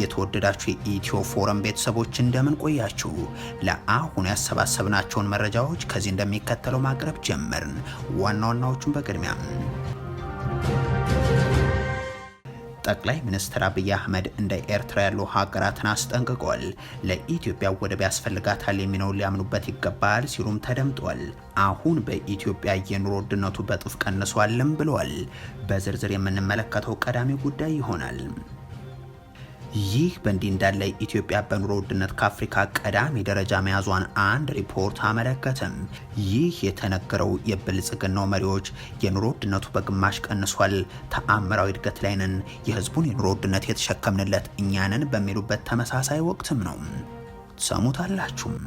የተወደዳችሁ የኢትዮ ፎረም ቤተሰቦች እንደምን ቆያችሁ? ለአሁን ያሰባሰብናቸውን መረጃዎች ከዚህ እንደሚከተለው ማቅረብ ጀመርን። ዋና ዋናዎቹን በቅድሚያ ጠቅላይ ሚኒስትር አብይ አህመድ እንደ ኤርትራ ያሉ ሀገራትን አስጠንቅቋል። ለኢትዮጵያ ወደብ ያስፈልጋታል የሚነው ሊያምኑበት ይገባል ሲሉም ተደምጧል። አሁን በኢትዮጵያ የኑሮ ውድነቱ በጥፍ ቀንሷልም ብለዋል። በዝርዝር የምንመለከተው ቀዳሚ ጉዳይ ይሆናል። ይህ በእንዲህ እንዳለ ኢትዮጵያ በኑሮ ውድነት ከአፍሪካ ቀዳሚ ደረጃ መያዟን አንድ ሪፖርት አመለከትም። ይህ የተነገረው የብልጽግናው መሪዎች የኑሮ ውድነቱ በግማሽ ቀንሷል፣ ተአምራዊ እድገት ላይ ነን፣ የህዝቡን የኑሮ ውድነት የተሸከምንለት እኛንን በሚሉበት ተመሳሳይ ወቅትም ነው። ሰሙታላችሁም።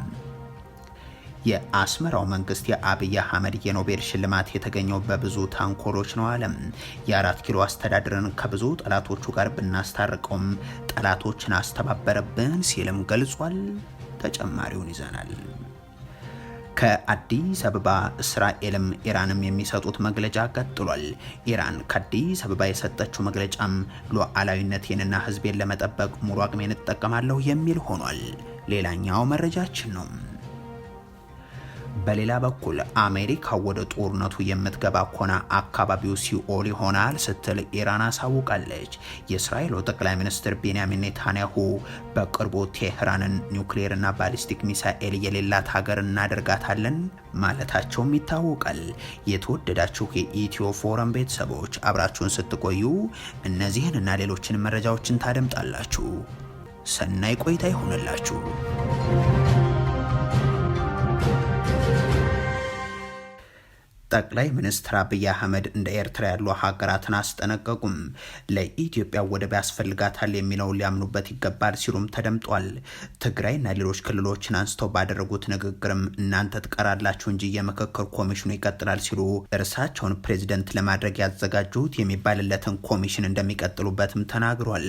የአስመራው መንግስት የአብይ አህመድ የኖቤል ሽልማት የተገኘው በብዙ ታንኮሎች ነው አለ። የአራት ኪሎ አስተዳደርን ከብዙ ጠላቶቹ ጋር ብናስታርቀውም ጠላቶችን አስተባበረብን ሲልም ገልጿል። ተጨማሪውን ይዘናል። ከአዲስ አበባ እስራኤልም ኢራንም የሚሰጡት መግለጫ ቀጥሏል። ኢራን ከአዲስ አበባ የሰጠችው መግለጫም ሉዓላዊነቴንና ሕዝቤን ለመጠበቅ ሙሉ አቅሜን እጠቀማለሁ የሚል ሆኗል። ሌላኛው መረጃችን ነው። በሌላ በኩል አሜሪካ ወደ ጦርነቱ የምትገባ ከሆነ አካባቢው ሲኦል ይሆናል ስትል ኢራን አሳውቃለች። የእስራኤሉ ጠቅላይ ሚኒስትር ቤንያሚን ኔታንያሁ በቅርቡ ቴህራንን ኒውክሌርና ባሊስቲክ ሚሳኤል የሌላት ሀገር እናደርጋታለን ማለታቸውም ይታወቃል። የተወደዳችሁ የኢትዮ ፎረም ቤተሰቦች አብራችሁን ስትቆዩ እነዚህን እና ሌሎችን መረጃዎችን ታደምጣላችሁ። ሰናይ ቆይታ ይሆንላችሁ። ጠቅላይ ሚኒስትር አብይ አህመድ እንደ ኤርትራ ያሉ ሀገራትን አስጠነቀቁም። ለኢትዮጵያ ወደብ ያስፈልጋታል የሚለውን ሊያምኑበት ይገባል ሲሉም ተደምጧል። ትግራይና ሌሎች ክልሎችን አንስተው ባደረጉት ንግግርም እናንተ ትቀራላችሁ እንጂ የምክክር ኮሚሽኑ ይቀጥላል ሲሉ እርሳቸውን ፕሬዚደንት ለማድረግ ያዘጋጁት የሚባልለትን ኮሚሽን እንደሚቀጥሉበትም ተናግሯል።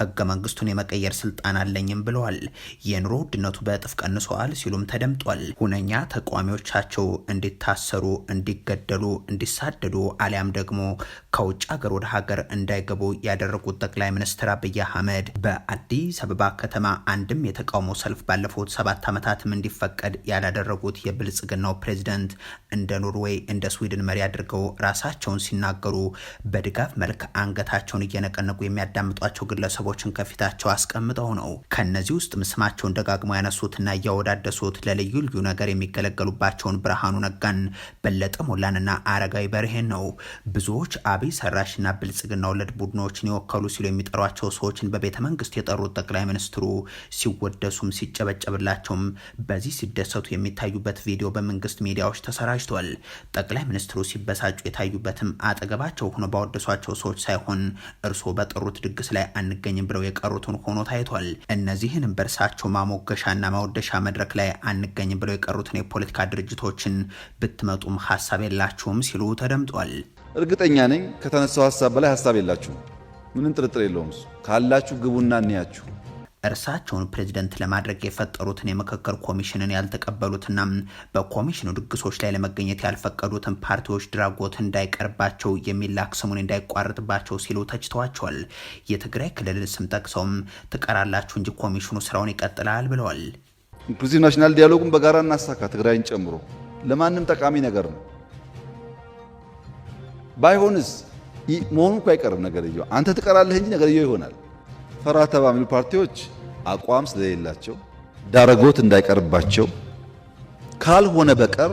ህገ መንግስቱን የመቀየር ስልጣን አለኝም ብለዋል። የኑሮ ውድነቱ በእጥፍ ቀንሰዋል ሲሉም ተደምጧል። ሁነኛ ተቃዋሚዎቻቸው እንዲታሰሩ እንዲ እንዲገደሉ እንዲሳደዱ አሊያም ደግሞ ከውጭ ሀገር ወደ ሀገር እንዳይገቡ ያደረጉት ጠቅላይ ሚኒስትር አብይ አህመድ በአዲስ አበባ ከተማ አንድም የተቃውሞ ሰልፍ ባለፉት ሰባት ዓመታትም እንዲፈቀድ ያላደረጉት የብልጽግናው ፕሬዚደንት እንደ ኖርዌይ እንደ ስዊድን መሪ አድርገው ራሳቸውን ሲናገሩ በድጋፍ መልክ አንገታቸውን እየነቀነቁ የሚያዳምጧቸው ግለሰቦችን ከፊታቸው አስቀምጠው ነው። ከነዚህ ውስጥ ስማቸውን ደጋግመው ያነሱትና እያወዳደሱት ለልዩ ልዩ ነገር የሚገለገሉባቸውን ብርሃኑ ነጋን፣ በለጠ ሞላንና አረጋዊ በርሄን ነው። ብዙዎች አብይ ሰራሽና ብልጽግና ወለድ ቡድኖችን የወከሉ ሲሉ የሚጠሯቸው ሰዎችን በቤተ መንግስት የጠሩት ጠቅላይ ሚኒስትሩ ሲወደሱም ሲጨበጨብላቸውም በዚህ ሲደሰቱ የሚታዩበት ቪዲዮ በመንግስት ሚዲያዎች ተሰራጅቷል። ጠቅላይ ሚኒስትሩ ሲበሳጩ የታዩበትም አጠገባቸው ሆኖ ባወደሷቸው ሰዎች ሳይሆን እርስዎ በጠሩት ድግስ ላይ አንገኝም ብለው የቀሩትን ሆኖ ታይቷል። እነዚህንም በእርሳቸው ማሞገሻና ማወደሻ መድረክ ላይ አንገኝም ብለው የቀሩትን የፖለቲካ ድርጅቶችን ብትመጡም ሀሳብ ሀሳብ የላችሁም ሲሉ ተደምጧል። እርግጠኛ ነኝ ከተነሳው ሀሳብ በላይ ሀሳብ የላችሁም። ምንም ጥርጥር የለውም። ካላችሁ ግቡና እንያችሁ እርሳቸውን ፕሬዝደንት ለማድረግ የፈጠሩትን የምክክር ኮሚሽንን ያልተቀበሉትና በኮሚሽኑ ድግሶች ላይ ለመገኘት ያልፈቀዱትን ፓርቲዎች ድራጎት እንዳይቀርባቸው የሚላክ ስሙን እንዳይቋረጥባቸው ሲሉ ተችተዋቸዋል። የትግራይ ክልል ስም ጠቅሰውም ትቀራላችሁ እንጂ ኮሚሽኑ ስራውን ይቀጥላል ብለዋል። ኢንክሉዚቭ ናሽናል ዲያሎጉን በጋራ እናሳካ፣ ትግራይን ጨምሮ ለማንም ጠቃሚ ነገር ነው። ባይሆንስ መሆኑ እኮ አይቀርም። ነገርየው አንተ ትቀራለህ እንጂ ነገርየው ይሆናል። ፈራ ተባ የሚሉ ፓርቲዎች አቋም ስለሌላቸው ዳረጎት እንዳይቀርባቸው ካልሆነ በቀር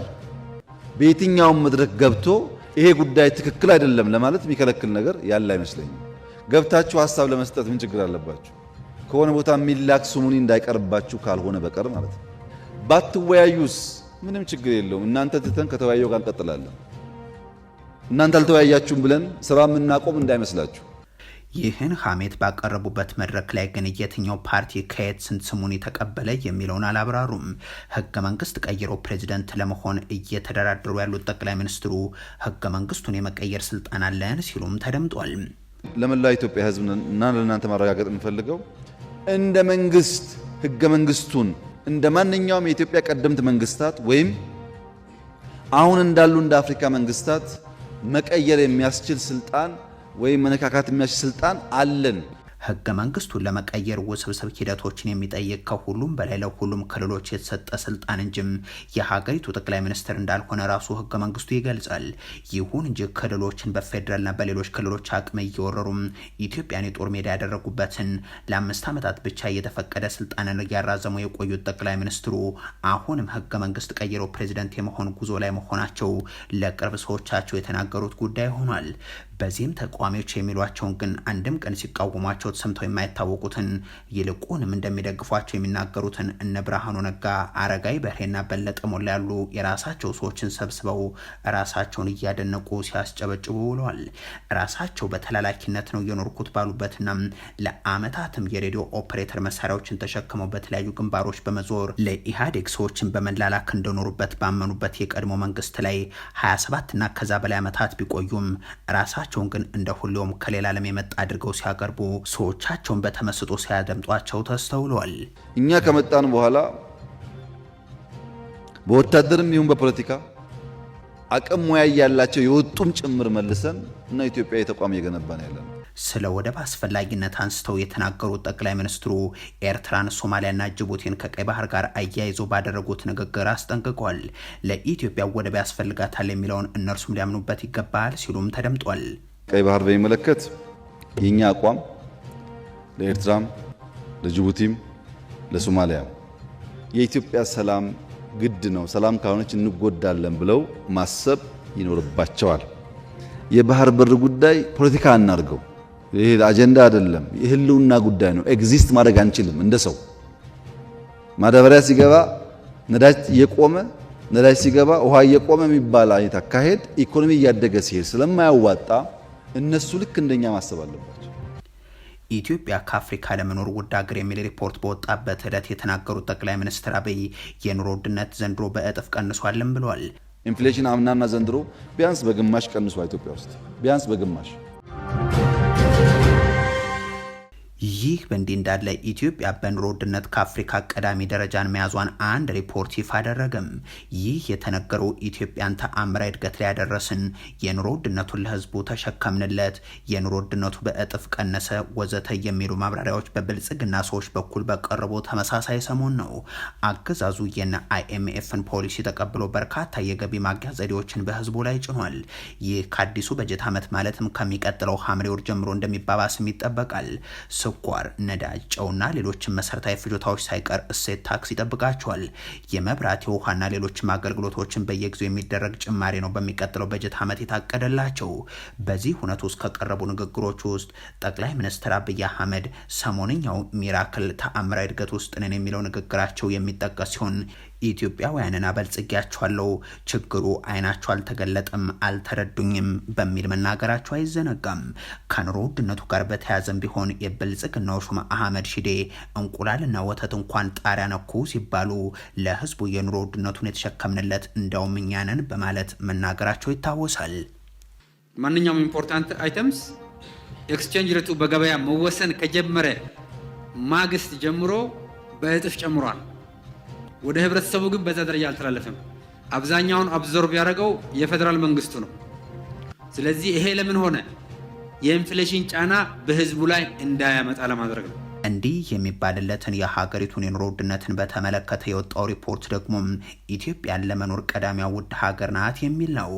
በየትኛውም መድረክ ገብቶ ይሄ ጉዳይ ትክክል አይደለም ለማለት የሚከለክል ነገር ያለ አይመስለኝም። ገብታችሁ ሀሳብ ለመስጠት ምን ችግር አለባችሁ? ከሆነ ቦታ የሚላክ ስሙኒ እንዳይቀርባችሁ ካልሆነ በቀር ማለት ነው። ባትወያዩስ ምንም ችግር የለውም። እናንተ ትተን ከተወያየው ጋር እንቀጥላለን። እናንተ አልተወያያችሁም ብለን ስራ የምናቆም እንዳይመስላችሁ። ይህን ሐሜት ባቀረቡበት መድረክ ላይ ግን የትኛው ፓርቲ ከየት ስንት ስሙን የተቀበለ የሚለውን አላብራሩም። ህገ መንግስት ቀይሮ ፕሬዚደንት ለመሆን እየተደራደሩ ያሉት ጠቅላይ ሚኒስትሩ ህገ መንግስቱን የመቀየር ስልጣን አለን ሲሉም ተደምጧል። ለመላ ኢትዮጵያ ህዝብ እና ለእናንተ ማረጋገጥ የምፈልገው እንደ መንግስት ህገ መንግስቱን እንደ ማንኛውም የኢትዮጵያ ቀደምት መንግስታት ወይም አሁን እንዳሉ እንደ አፍሪካ መንግስታት መቀየር የሚያስችል ስልጣን ወይም መነካካት የሚያስችል ስልጣን አለን። ህገ መንግስቱን ለመቀየር ውስብስብ ሂደቶችን የሚጠይቅ ከሁሉም በላይ ለሁሉም ክልሎች የተሰጠ ስልጣን እንጂም የሀገሪቱ ጠቅላይ ሚኒስትር እንዳልሆነ ራሱ ህገ መንግስቱ ይገልጻል። ይሁን እንጂ ክልሎችን በፌዴራልና በሌሎች ክልሎች አቅም እየወረሩም ኢትዮጵያን የጦር ሜዳ ያደረጉበትን ለአምስት ዓመታት ብቻ የተፈቀደ ስልጣንን እያራዘሙ የቆዩት ጠቅላይ ሚኒስትሩ አሁንም ህገ መንግስት ቀይረው ፕሬዚደንት የመሆን ጉዞ ላይ መሆናቸው ለቅርብ ሰዎቻቸው የተናገሩት ጉዳይ ሆኗል። በዚህም ተቃዋሚዎች የሚሏቸውን ግን አንድም ቀን ሲቃወሟቸው በጆሮአቸው ሰምተው የማይታወቁትን ይልቁንም እንደሚደግፏቸው የሚናገሩትን እነ ብርሃኑ ነጋ፣ አረጋዊ በርሄና በለጠ ሞላ ያሉ የራሳቸው ሰዎችን ሰብስበው ራሳቸውን እያደነቁ ሲያስጨበጭቡ ውለዋል። ራሳቸው በተላላኪነት ነው እየኖርኩት ባሉበትና ለአመታትም የሬዲዮ ኦፕሬተር መሳሪያዎችን ተሸክመው በተለያዩ ግንባሮች በመዞር ለኢህአዴግ ሰዎችን በመላላክ እንደኖሩበት ባመኑበት የቀድሞ መንግስት ላይ 27 እና ከዛ በላይ ዓመታት ቢቆዩም ራሳቸውን ግን እንደ ሁሌውም ከሌላ ዓለም የመጣ አድርገው ሲያቀርቡ ሰዎቻቸውን በተመስጦ ሲያደምጧቸው ተስተውለዋል። እኛ ከመጣን በኋላ በወታደርም ይሁን በፖለቲካ አቅም ሙያ ያላቸው የወጡም ጭምር መልሰን እና ኢትዮጵያ ተቋም እየገነባ ነው ያለን። ስለ ወደብ አስፈላጊነት አንስተው የተናገሩት ጠቅላይ ሚኒስትሩ ኤርትራን፣ ሶማሊያና ጅቡቲን ከቀይ ባህር ጋር አያይዞ ባደረጉት ንግግር አስጠንቅቋል። ለኢትዮጵያ ወደብ ያስፈልጋታል የሚለውን እነርሱም ሊያምኑበት ይገባል ሲሉም ተደምጧል። ቀይ ባህር በሚመለከት የእኛ አቋም ለኤርትራም፣ ለጅቡቲም፣ ለሶማሊያም የኢትዮጵያ ሰላም ግድ ነው፣ ሰላም ካልሆነች እንጎዳለን ብለው ማሰብ ይኖርባቸዋል። የባህር በር ጉዳይ ፖለቲካ አናርገው። ይሄ አጀንዳ አይደለም፣ የህልውና ጉዳይ ነው። ኤግዚስት ማድረግ አንችልም። እንደ ሰው ማዳበሪያ ሲገባ ነዳጅ እየቆመ ነዳጅ ሲገባ ውሃ እየቆመ የሚባል አይነት አካሄድ ኢኮኖሚ እያደገ ሲሄድ ስለማያዋጣ እነሱ ልክ እንደኛ ማሰብ አለባቸው። ኢትዮጵያ ከአፍሪካ ለመኖር ውድ ሀገር የሚል ሪፖርት በወጣበት ዕለት የተናገሩት ጠቅላይ ሚኒስትር አብይ የኑሮ ውድነት ዘንድሮ በእጥፍ ቀንሷልም ብሏል። ኢንፍሌሽን አምናና ዘንድሮ ቢያንስ በግማሽ ቀንሷ ኢትዮጵያ ውስጥ ቢያንስ በግማሽ ይህ በእንዲህ እንዳለ ኢትዮጵያ በኑሮ ውድነት ከአፍሪካ ቀዳሚ ደረጃን መያዟን አንድ ሪፖርት ይፋ አደረገም። ይህ የተነገረው ኢትዮጵያን ተአምራዊ እድገት ላይ ያደረስን፣ የኑሮ ውድነቱን ለህዝቡ ተሸከምንለት፣ የኑሮ ውድነቱ በእጥፍ ቀነሰ፣ ወዘተ የሚሉ ማብራሪያዎች በብልጽግና ሰዎች በኩል በቀረበው ተመሳሳይ ሰሞን ነው። አገዛዙ የነ አይኤምኤፍን ፖሊሲ ተቀብሎ በርካታ የገቢ ማግኛ ዘዴዎችን በህዝቡ ላይ ጭኗል። ይህ ከአዲሱ በጀት ዓመት ማለትም ከሚቀጥለው ሐምሌ ወር ጀምሮ እንደሚባባስም ይጠበቃል። ስኳር፣ ነዳጅ፣ ጨውና ሌሎችን መሰረታዊ ፍጆታዎች ሳይቀር እሴት ታክስ ይጠብቃቸዋል። የመብራት የውሃና ሌሎችም አገልግሎቶችን በየጊዜው የሚደረግ ጭማሪ ነው በሚቀጥለው በጀት ዓመት የታቀደላቸው። በዚህ ሁነት ውስጥ ከቀረቡ ንግግሮች ውስጥ ጠቅላይ ሚኒስትር አብይ አህመድ ሰሞንኛው ሚራክል ተአምራዊ እድገት ውስጥ ነን የሚለው ንግግራቸው የሚጠቀስ ሲሆን ኢትዮጵያውያንን አበልጽጊያቸዋለሁ፣ ችግሩ አይናቸው አልተገለጠም፣ አልተረዱኝም በሚል መናገራቸው አይዘነጋም። ከኑሮ ውድነቱ ጋር በተያያዘም ቢሆን የብልጽግናው ሹም አህመድ ሺዴ እንቁላልና ወተት እንኳን ጣሪያ ነኩ ሲባሉ ለህዝቡ የኑሮ ውድነቱን የተሸከምንለት እንደውም እኛንን በማለት መናገራቸው ይታወሳል። ማንኛውም ኢምፖርታንት አይተምስ ኤክስቼንጅ ሬቱ በገበያ መወሰን ከጀመረ ማግስት ጀምሮ በእጥፍ ጨምሯል። ወደ ህብረተሰቡ ግን በዛ ደረጃ አልተላለፈም። አብዛኛውን አብዞርብ ያደረገው የፌዴራል መንግስቱ ነው። ስለዚህ ይሄ ለምን ሆነ? የኢንፍሌሽን ጫና በህዝቡ ላይ እንዳያመጣ ለማድረግ ነው። እንዲህ የሚባልለትን የሀገሪቱን የኑሮ ውድነትን በተመለከተ የወጣው ሪፖርት ደግሞ ኢትዮጵያን ለመኖር ቀዳሚያ ውድ ሀገር ናት የሚል ነው።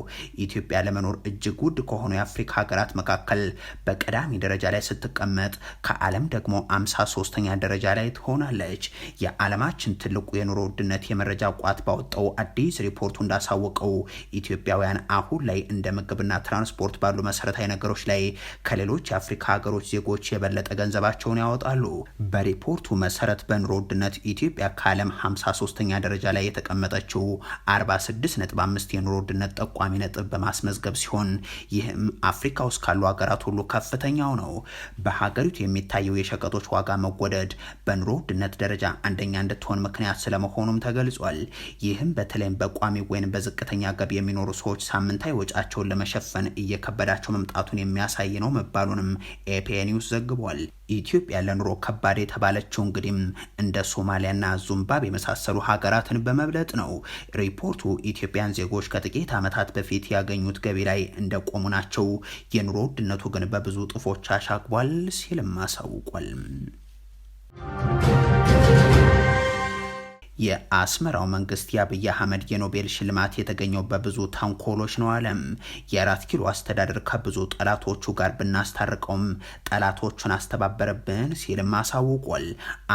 ኢትዮጵያ ለመኖር እጅግ ውድ ከሆኑ የአፍሪካ ሀገራት መካከል በቀዳሚ ደረጃ ላይ ስትቀመጥ፣ ከዓለም ደግሞ አምሳ ሶስተኛ ደረጃ ላይ ትሆናለች። የዓለማችን ትልቁ የኑሮ ውድነት የመረጃ ቋት ባወጣው አዲስ ሪፖርቱ እንዳሳወቀው ኢትዮጵያውያን አሁን ላይ እንደ ምግብና ትራንስፖርት ባሉ መሰረታዊ ነገሮች ላይ ከሌሎች የአፍሪካ ሀገሮች ዜጎች የበለጠ ገንዘባቸውን ያወጣሉ። በሪፖርቱ መሰረት በኑሮ ውድነት ኢትዮጵያ ከዓለም 53ኛ ደረጃ ላይ የተቀመጠችው 46.5 የኑሮ ውድነት ጠቋሚ ነጥብ በማስመዝገብ ሲሆን ይህም አፍሪካ ውስጥ ካሉ ሀገራት ሁሉ ከፍተኛው ነው። በሀገሪቱ የሚታየው የሸቀጦች ዋጋ መወደድ በኑሮ ውድነት ደረጃ አንደኛ እንድትሆን ምክንያት ስለመሆኑም ተገልጿል። ይህም በተለይም በቋሚ ወይም በዝቅተኛ ገቢ የሚኖሩ ሰዎች ሳምንታዊ ወጫቸውን ለመሸፈን እየከበዳቸው መምጣቱን የሚያሳይ ነው መባሉንም ኤፒኤ ኒውስ ዘግቧል። ኢትዮጵያ ለኑሮ ከባድ የተባለችው እንግዲህ እንደ ሶማሊያና ዙምባብ የመሳሰሉ ሀገራትን በመብለጥ ነው። ሪፖርቱ ኢትዮጵያን ዜጎች ከጥቂት ዓመታት በፊት ያገኙት ገቢ ላይ እንደቆሙ ናቸው፣ የኑሮ ውድነቱ ግን በብዙ ጥፎች አሻግቧል ሲልም አሳውቋል። የአስመራው መንግስት የአብይ አህመድ የኖቤል ሽልማት የተገኘው በብዙ ተንኮሎች ነው አለም። የአራት ኪሎ አስተዳደር ከብዙ ጠላቶቹ ጋር ብናስታርቀውም ጠላቶቹን አስተባበረብን ሲልም አሳውቋል።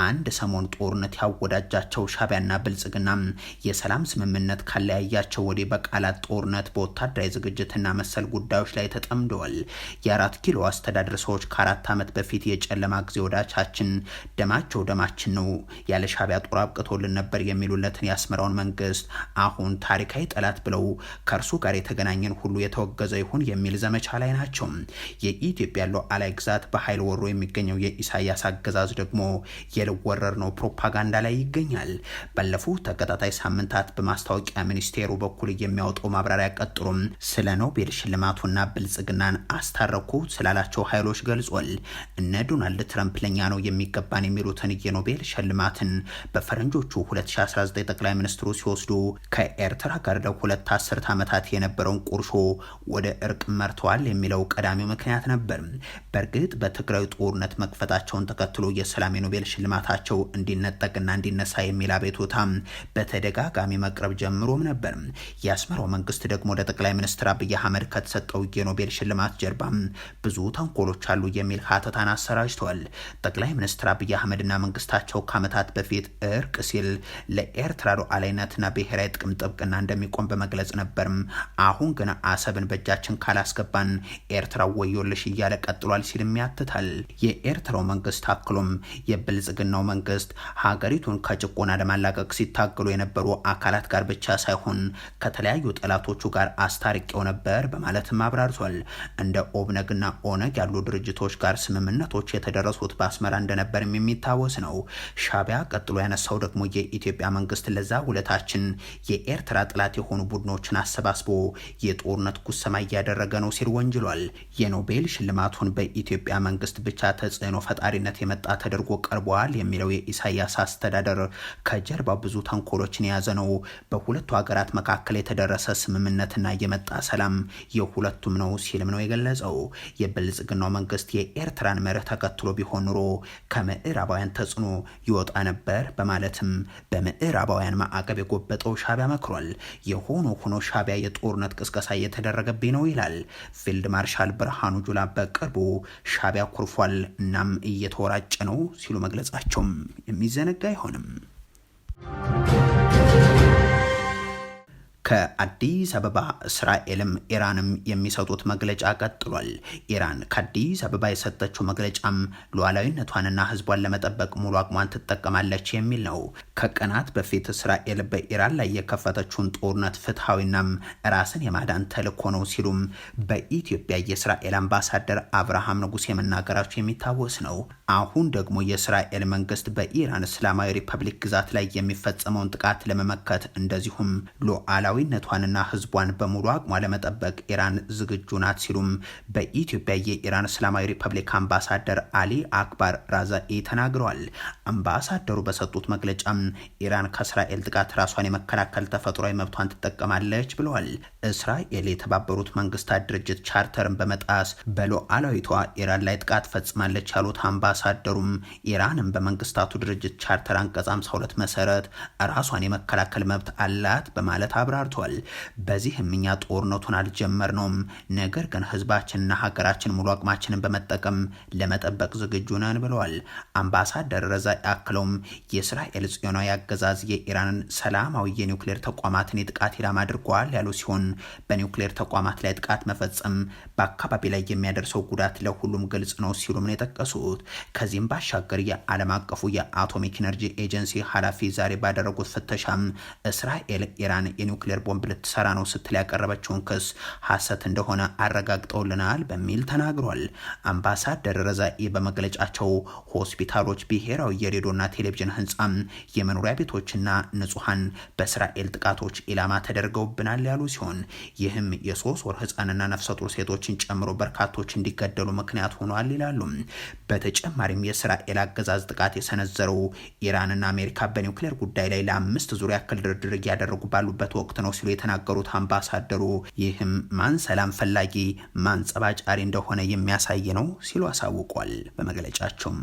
አንድ ሰሞን ጦርነት ያወዳጃቸው ሻቢያና ብልጽግና የሰላም ስምምነት ካለያያቸው ወዲህ በቃላት ጦርነት፣ በወታደራዊ ዝግጅትና መሰል ጉዳዮች ላይ ተጠምደዋል። የአራት ኪሎ አስተዳደር ሰዎች ከአራት ዓመት በፊት የጨለማ ጊዜ ወዳቻችን ደማቸው ደማችን ነው ያለ ሻቢያ ጦር አብቅቶልን ነበር የሚሉለትን የአስመራውን መንግስት አሁን ታሪካዊ ጠላት ብለው ከእርሱ ጋር የተገናኘን ሁሉ የተወገዘ ይሁን የሚል ዘመቻ ላይ ናቸው። የኢትዮጵያ ሉዓላዊ ግዛት በኃይል ወሮ የሚገኘው የኢሳያስ አገዛዝ ደግሞ የልወረር ነው ፕሮፓጋንዳ ላይ ይገኛል። ባለፉት ተከታታይ ሳምንታት በማስታወቂያ ሚኒስቴሩ በኩል የሚያወጣው ማብራሪያ ቀጥሎም ስለ ኖቤል ሽልማቱና ብልጽግናን አስታረኩ ስላላቸው ኃይሎች ገልጿል። እነ ዶናልድ ትረምፕ ለኛ ነው የሚገባን የሚሉትን የኖቤል ሽልማትን በፈረንጆቹ 2019 ጠቅላይ ሚኒስትሩ ሲወስዱ ከኤርትራ ጋር ለሁለት አስርት ዓመታት የነበረውን ቁርሾ ወደ እርቅ መርተዋል የሚለው ቀዳሚው ምክንያት ነበር። በእርግጥ በትግራዩ ጦርነት መክፈታቸውን ተከትሎ የሰላም የኖቤል ሽልማታቸው እንዲነጠቅና እንዲነሳ የሚል አቤቱታ በተደጋጋሚ መቅረብ ጀምሮም ነበር። የአስመራው መንግስት ደግሞ ለጠቅላይ ሚኒስትር አብይ አህመድ ከተሰጠው የኖቤል ሽልማት ጀርባ ብዙ ተንኮሎች አሉ የሚል ሀተታን አሰራጅተዋል። ጠቅላይ ሚኒስትር አብይ አህመድና መንግስታቸው ከዓመታት በፊት እርቅ ሲል ለኤርትራ ሉዓላዊነትና ብሔራዊ ጥቅም ጥብቅና እንደሚቆም በመግለጽ ነበርም። አሁን ግን አሰብን በእጃችን ካላስገባን ኤርትራ ወዮልሽ እያለ ቀጥሏል ሲልም ያትታል። የኤርትራው መንግስት አክሎም የብልጽግናው መንግስት ሀገሪቱን ከጭቆና ለማላቀቅ ሲታገሉ የነበሩ አካላት ጋር ብቻ ሳይሆን ከተለያዩ ጠላቶቹ ጋር አስታርቄው ነበር በማለትም አብራርቷል። እንደ ኦብነግና ኦነግ ያሉ ድርጅቶች ጋር ስምምነቶች የተደረሱት በአስመራ እንደነበርም የሚታወስ ነው። ሻቢያ ቀጥሎ ያነሳው ደግሞ የኢትዮጵያ መንግስት ለዛ ውለታችን የኤርትራ ጥላት የሆኑ ቡድኖችን አሰባስቦ የጦርነት ጉሰማ እያደረገ ነው ሲል ወንጅሏል። የኖቤል ሽልማቱን በኢትዮጵያ መንግስት ብቻ ተጽዕኖ ፈጣሪነት የመጣ ተደርጎ ቀርቧል የሚለው የኢሳያስ አስተዳደር ከጀርባ ብዙ ተንኮሎችን የያዘ ነው። በሁለቱ ሀገራት መካከል የተደረሰ ስምምነትና የመጣ ሰላም የሁለቱም ነው ሲልም ነው የገለጸው። የብልጽግናው መንግስት የኤርትራን መርህ ተከትሎ ቢሆን ኑሮ ከምዕራባውያን ተጽዕኖ ይወጣ ነበር በማለትም በምዕራባውያን ማዕቀብ የጎበጠው ሻቢያ መክሯል። የሆኖ ሆኖ ሻቢያ የጦርነት ቅስቀሳ እየተደረገብኝ ነው ይላል። ፊልድ ማርሻል ብርሃኑ ጁላ በቅርቡ ሻቢያ ኩርፏል፣ እናም እየተወራጨ ነው ሲሉ መግለጻቸውም የሚዘነጋ አይሆንም። ከአዲስ አበባ እስራኤልም ኢራንም የሚሰጡት መግለጫ ቀጥሏል። ኢራን ከአዲስ አበባ የሰጠችው መግለጫም ሉዓላዊነቷንና ሕዝቧን ለመጠበቅ ሙሉ አቅሟን ትጠቀማለች የሚል ነው። ከቀናት በፊት እስራኤል በኢራን ላይ የከፈተችውን ጦርነት ፍትሐዊናም ራስን የማዳን ተልእኮ ነው ሲሉም በኢትዮጵያ የእስራኤል አምባሳደር አብርሃም ንጉሴ መናገራቸው የሚታወስ ነው። አሁን ደግሞ የእስራኤል መንግስት በኢራን እስላማዊ ሪፐብሊክ ግዛት ላይ የሚፈጸመውን ጥቃት ለመመከት እንደዚሁም ሉዓላዊ ሉዓላዊነቷንና ህዝቧን በሙሉ አቅሟ ለመጠበቅ ኢራን ዝግጁ ናት ሲሉም በኢትዮጵያ የኢራን እስላማዊ ሪፐብሊክ አምባሳደር አሊ አክባር ራዛኤ ተናግረዋል። አምባሳደሩ በሰጡት መግለጫም ኢራን ከእስራኤል ጥቃት ራሷን የመከላከል ተፈጥሯዊ መብቷን ትጠቀማለች ብለዋል። እስራኤል የተባበሩት መንግስታት ድርጅት ቻርተርን በመጣስ በሉዓላዊቷ ኢራን ላይ ጥቃት ፈጽማለች ያሉት አምባሳደሩም ኢራንም በመንግስታቱ ድርጅት ቻርተር አንቀጽ 52 መሰረት ራሷን የመከላከል መብት አላት በማለት አብራር ተጋርቷል። በዚህም እኛ ጦርነቱን አልጀመርነውም፣ ነገር ግን ህዝባችንና ሀገራችን ሙሉ አቅማችንን በመጠቀም ለመጠበቅ ዝግጁ ነን ብለዋል። አምባሳደር ረዛ አክለውም የእስራኤል ጽዮናዊ አገዛዝ የኢራንን ሰላማዊ የኒውክሌር ተቋማትን የጥቃት ኢላማ አድርጓል ያሉ ሲሆን በኒውክሌር ተቋማት ላይ ጥቃት መፈጸም በአካባቢ ላይ የሚያደርሰው ጉዳት ለሁሉም ግልጽ ነው ሲሉም ነው የጠቀሱት። ከዚህም ባሻገር የዓለም አቀፉ የአቶሚክ ኤነርጂ ኤጀንሲ ኃላፊ ዛሬ ባደረጉት ፍተሻም እስራኤል ኢራን የኒውክሌር የአየር ቦምብ ልትሰራ ነው ስትል ያቀረበችውን ክስ ሐሰት እንደሆነ አረጋግጠውልናል በሚል ተናግሯል። አምባሳደር ረዛኤ በመግለጫቸው ሆስፒታሎች፣ ብሔራዊ የሬዲዮና ቴሌቪዥን ህንፃ የመኖሪያ ቤቶችና ንጹሐን በእስራኤል ጥቃቶች ኢላማ ተደርገውብናል ያሉ ሲሆን ይህም የሶስት ወር ህፃንና ነፍሰጡር ሴቶችን ጨምሮ በርካቶች እንዲገደሉ ምክንያት ሆኗል ይላሉ። በተጨማሪም የእስራኤል አገዛዝ ጥቃት የሰነዘረው ኢራንና አሜሪካ በኒውክሌር ጉዳይ ላይ ለአምስት ዙሪያ ያክል ድርድር እያደረጉ ባሉበት ወቅት ነው ነው ሲሉ የተናገሩት አምባሳደሩ ይህም ማን ሰላም ፈላጊ ማንጸባጫሪ እንደሆነ የሚያሳይ ነው ሲሉ አሳውቋል በመግለጫቸውም።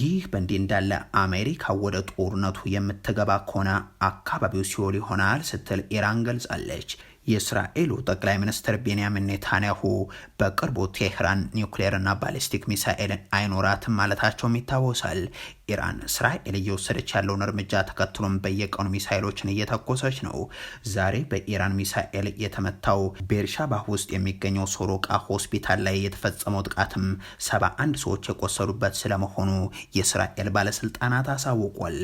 ይህ በእንዲህ እንዳለ አሜሪካ ወደ ጦርነቱ የምትገባ ከሆነ አካባቢው ሲኦል ይሆናል ስትል ኢራን ገልጻለች። የእስራኤሉ ጠቅላይ ሚኒስትር ቤንያሚን ኔታንያሁ በቅርቡ ቴህራን ኒውክሌርና ባሊስቲክ ሚሳኤልን አይኖራትም ማለታቸውም ይታወሳል። ኢራን እስራኤል እየወሰደች ያለውን እርምጃ ተከትሎም በየቀኑ ሚሳይሎችን እየተኮሰች ነው። ዛሬ በኢራን ሚሳኤል የተመታው ቤርሻባህ ውስጥ የሚገኘው ሶሮቃ ሆስፒታል ላይ የተፈጸመው ጥቃትም ሰባ አንድ ሰዎች የቆሰሉበት ስለመሆኑ የእስራኤል ባለስልጣናት አሳውቋል።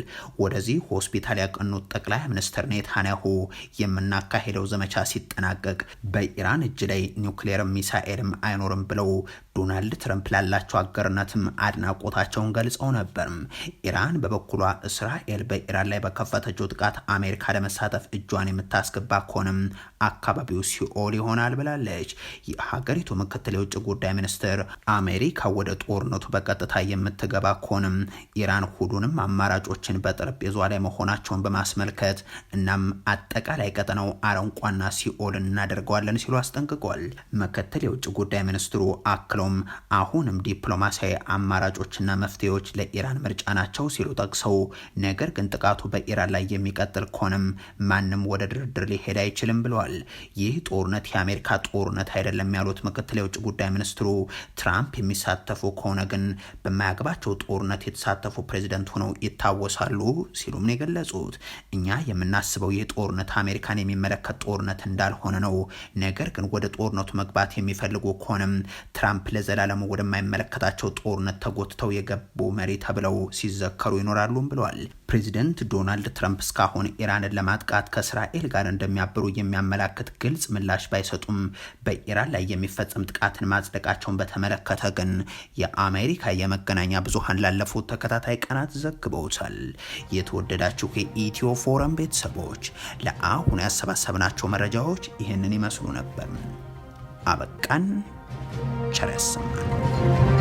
ወደዚህ ሆስፒታል ያቀኑት ጠቅላይ ሚኒስትር ኔታንያሁ የምናካሄደው ዘመቻ ሲጠናቀቅ በኢራን እጅ ላይ ኒውክሌርም ሚሳኤልም አይኖርም ብለው ዶናልድ ትረምፕ ላላቸው አገርነትም አድናቆታቸውን ገልጸው ነበር። ኢራን በበኩሏ እስራኤል በኢራን ላይ በከፈተችው ጥቃት አሜሪካ ለመሳተፍ እጇን የምታስገባ ከሆነም አካባቢው ሲኦል ይሆናል ብላለች። የሀገሪቱ ምክትል የውጭ ጉዳይ ሚኒስትር አሜሪካ ወደ ጦርነቱ በቀጥታ የምትገባ ከሆነም ኢራን ሁሉንም አማራጮችን በጠረጴዛ ላይ መሆናቸውን በማስመልከት እናም አጠቃላይ ቀጠናው አረንቋና ሲኦል እናደርገዋለን ሲሉ አስጠንቅቋል። ምክትል የውጭ ጉዳይ ሚኒስትሩ አክለው አክለውም አሁንም ዲፕሎማሲያዊ አማራጮችና መፍትሄዎች ለኢራን ምርጫ ናቸው ሲሉ ጠቅሰው ነገር ግን ጥቃቱ በኢራን ላይ የሚቀጥል ከሆነም ማንም ወደ ድርድር ሊሄድ አይችልም ብለዋል። ይህ ጦርነት የአሜሪካ ጦርነት አይደለም ያሉት ምክትል የውጭ ጉዳይ ሚኒስትሩ ትራምፕ የሚሳተፉ ከሆነ ግን በማያግባቸው ጦርነት የተሳተፉ ፕሬዚደንት ሆነው ይታወሳሉ ሲሉም ነው የገለጹት። እኛ የምናስበው ይህ ጦርነት አሜሪካን የሚመለከት ጦርነት እንዳልሆነ ነው። ነገር ግን ወደ ጦርነቱ መግባት የሚፈልጉ ከሆነም ትራምፕ ለዘላለሙ ወደማይመለከታቸው ጦርነት ተጎትተው የገቡ መሪ ተብለው ሲዘከሩ ይኖራሉም ብለዋል። ፕሬዚደንት ዶናልድ ትራምፕ እስካሁን ኢራንን ለማጥቃት ከእስራኤል ጋር እንደሚያብሩ የሚያመላክት ግልጽ ምላሽ ባይሰጡም በኢራን ላይ የሚፈጸም ጥቃትን ማጽደቃቸውን በተመለከተ ግን የአሜሪካ የመገናኛ ብዙሃን ላለፉት ተከታታይ ቀናት ዘግበውታል። የተወደዳችሁ የኢትዮ ፎረም ቤተሰቦች ለአሁን ያሰባሰብናቸው መረጃዎች ይህንን ይመስሉ ነበር። አበቃን። چرسان